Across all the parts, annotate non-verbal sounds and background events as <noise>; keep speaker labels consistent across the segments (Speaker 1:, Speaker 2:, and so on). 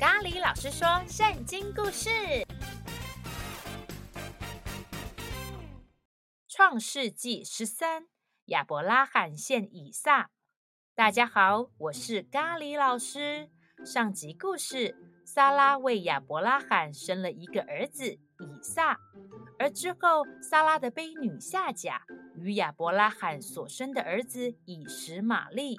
Speaker 1: 咖哩老師說聖經故事，《創世紀》十三，亞伯拉罕獻以撒。大家好，我是咖哩老師。上集故事，撒拉為亞伯拉罕生了一個兒子以撒，而之後撒拉的婢女夏甲與亞伯拉罕所生的兒子以實瑪利。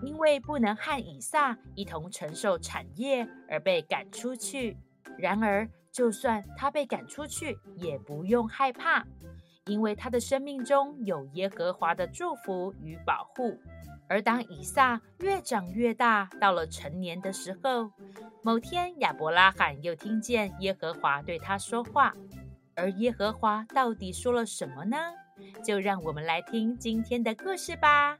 Speaker 1: 因為不能和以撒一同承受產業而被趕出去。然而，就算他被趕出去，也不用害怕，因為他的生命中有耶和華的祝福與保護。而當以撒越長越大，到了成年的時候，某天亞伯拉罕又聽見耶和華對他說話。而耶和華到底說了什麼呢？就讓我們來聽今天的故事吧。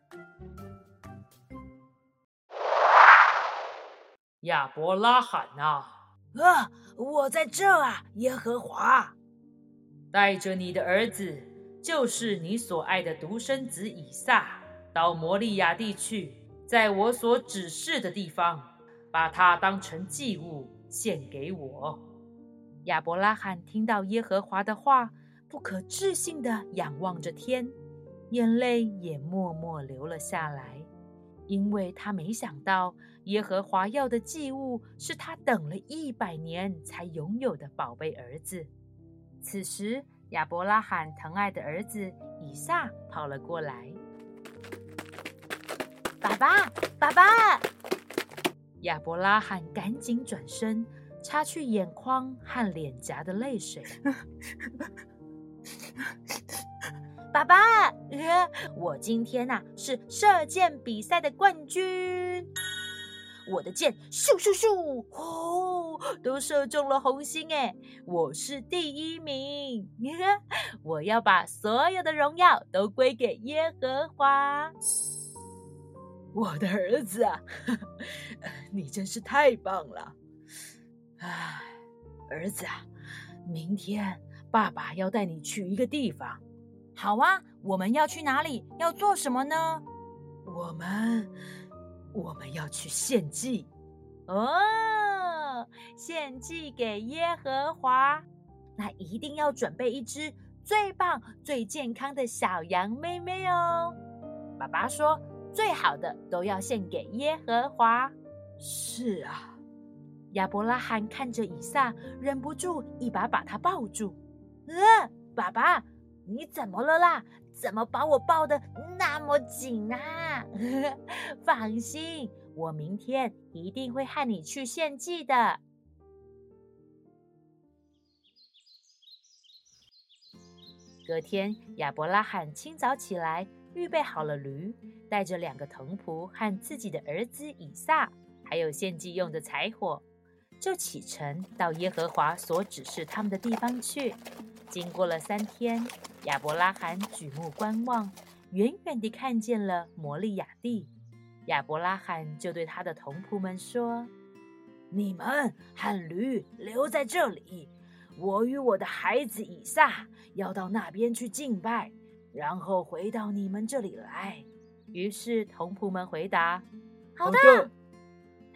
Speaker 1: 亞伯拉罕吶、啊！啊，我在這啊！耶和華，帶着你的兒子，就是你所愛的獨生子以撒，到摩利亞地去，在我所指示的地方，把他當成祭物獻給我。亞伯拉罕聽到耶和華的話，不可置信的仰望着天，眼淚也默默流了下來。因為他沒想到耶和華要的祭物是他等了一百年才擁有的寶貝兒子。此時，亞伯拉罕疼愛的兒子以撒跑了過來，“爸爸，爸爸！”亞伯拉罕趕緊轉身，擦去眼眶和臉頰的淚水。 <laughs> 爸爸，我今天吶，啊，是射箭比賽的冠軍，我的箭咻咻咻，哦，都射中了紅心誒，我是第一名。我要把所有的榮耀都歸給耶和華。我的兒子啊，呵呵，你真是太棒了。哎，兒子啊，明天爸爸要帶你去一個地方。好啊，我們要去哪裡？要做什麼呢？我們我們要去獻祭，哦，獻祭給耶和華。那一定要準備一隻最棒、最健康的小羊妹妹哦。爸爸說，最好的都要獻給耶和華。是啊，亞伯拉罕看着以撒，忍不住一把把他抱住。呃，爸爸。你怎麼了啦？怎麼把我抱得那麼緊啊？ <laughs> 放心，我明天一定會和你去獻祭的。隔天，亞伯拉罕清早起來，預備好了驢，帶着兩個童僕和自己的兒子以撒，還有獻祭用的柴火，就啟程到耶和華所指示他們的地方去。經過了三天，亞伯拉罕舉目觀望，遠遠地看見了摩利亞地。亞伯拉罕就對他的同僕們說：“你們和驢留在這裡，我與我的孩子以撒要到那邊去敬拜，然後回到你們這裡來。”於是同僕們回答：“好的。嗯”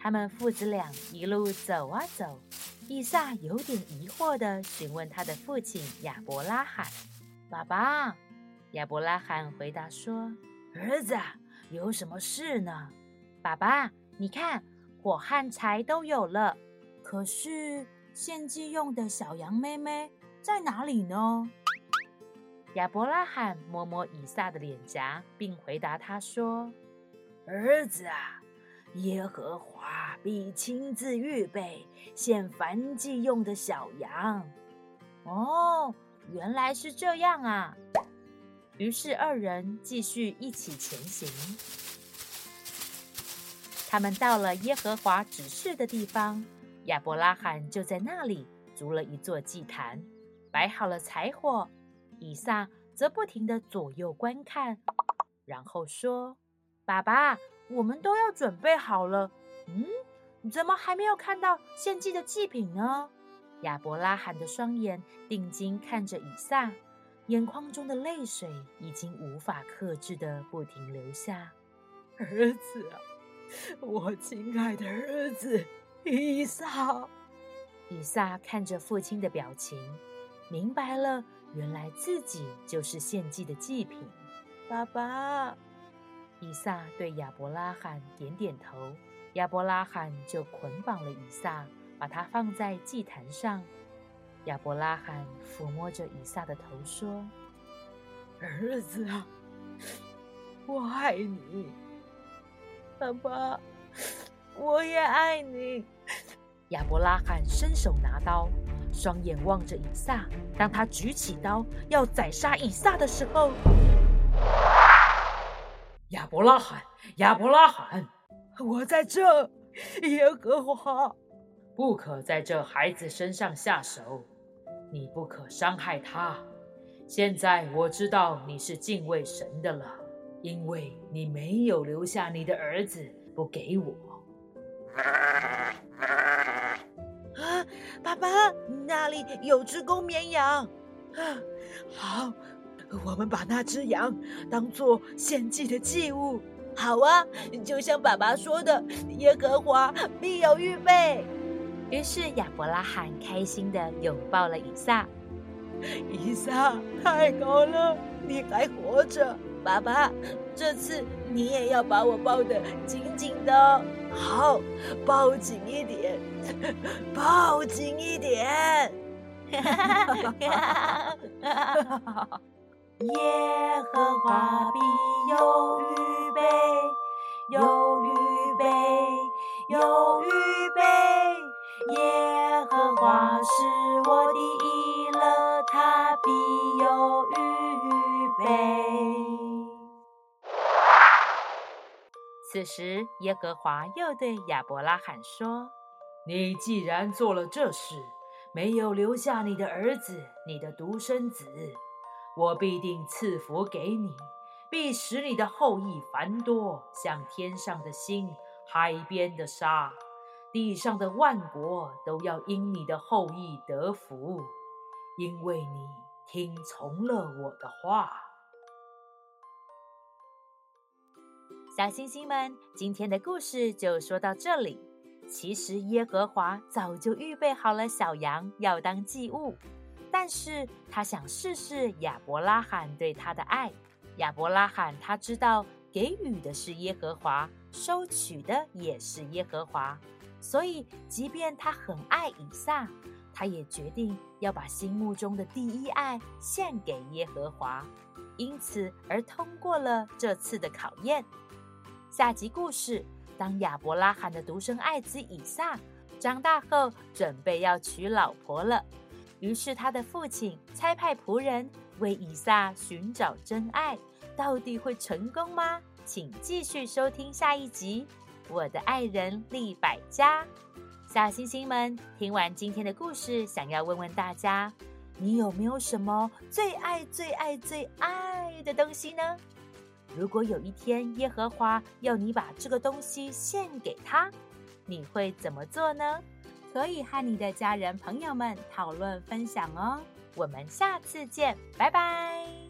Speaker 1: 他們父子倆一路走啊走，以撒有點疑惑地詢問他的父親亞伯拉罕：“爸爸。”亞伯拉罕回答說：“兒子啊，有什麼事呢？”“爸爸，你看，火和柴都有了，可是獻祭用的小羊妹妹在哪裡呢？”亞伯拉罕摸摸以撒的臉頰，並回答他說：“兒子啊。”耶和華必親自預備獻燔祭用的小羊。哦，原來是這樣啊！於是二人繼續一起前行。他們到了耶和華指示的地方，亞伯拉罕就在那裡築了一座祭壇，擺好了柴火。以撒則不停的左右觀看，然後說：“爸爸。”我們都要準備好了。嗯，怎麼還沒有看到獻祭的祭品呢？亞伯拉罕的雙眼定睛看着以撒，眼眶中的淚水已經無法克制地不停流下。兒子，我親愛的兒子，以撒。以撒看着父親的表情，明白了，原來自己就是獻祭的祭品。爸爸。以撒對亞伯拉罕點點頭，亞伯拉罕就捆綁了以撒，把他放在祭壇上。亞伯拉罕撫摸着以撒的頭說：“兒子啊，我愛你，爸爸，我也愛你。”亞伯拉罕伸手拿刀，雙眼望着以撒，當他舉起刀要宰殺以撒的時候。亞伯拉罕，亞伯拉罕，我在這，耶和華，不可在這孩子身上下手，你不可傷害他。現在我知道你是敬畏神的了，因為你沒有留下你的兒子不給我。啊，爸爸，那裡有隻公綿羊。啊，好。我們把那隻羊當做獻祭的祭物。好啊，就像爸爸說的，耶和華必有預備。於是亞伯拉罕開心的擁抱了以撒。以撒，太好了，你還活着！爸爸，這次你也要把我抱得緊緊的。好，抱緊一點，抱緊一點。哈哈哈哈哈！哈哈哈哈哈！耶和華必有預備，有預備，有預備。耶和華是我的以勒，他必有預備。此時，耶和華又對亞伯拉罕說：“你既然做了這事，沒有留下你的兒子，你的獨生子。”我必定賜福給你，必使你的後裔繁多，像天上的星、海邊的沙、地上的萬國，都要因你的後裔得福，因為你聽從了我的話。小星星們，今天的故事就說到這裡。其實耶和華早就預備好了小羊，要當祭物。但是他想試試亞伯拉罕對他的愛。亞伯拉罕他知道給予的是耶和華，收取的也是耶和華，所以即便他很愛以撒，他也決定要把心目中的第一愛獻給耶和華，因此而通過了這次的考驗。下集故事：當亞伯拉罕的獨生愛子以撒長大後，準備要娶老婆了。於是，他的父親差派僕人為以撒尋找真愛，到底會成功嗎？請繼續收聽下一集《我的愛人利百加》。小星星們，聽完今天的故事，想要問問大家，你有沒有什麼最愛、最愛、最愛的東西呢？如果有一天耶和華要你把這個東西獻給他，你會怎麼做呢？可以和你的家人、朋友們討論分享哦。我們下次見，拜拜。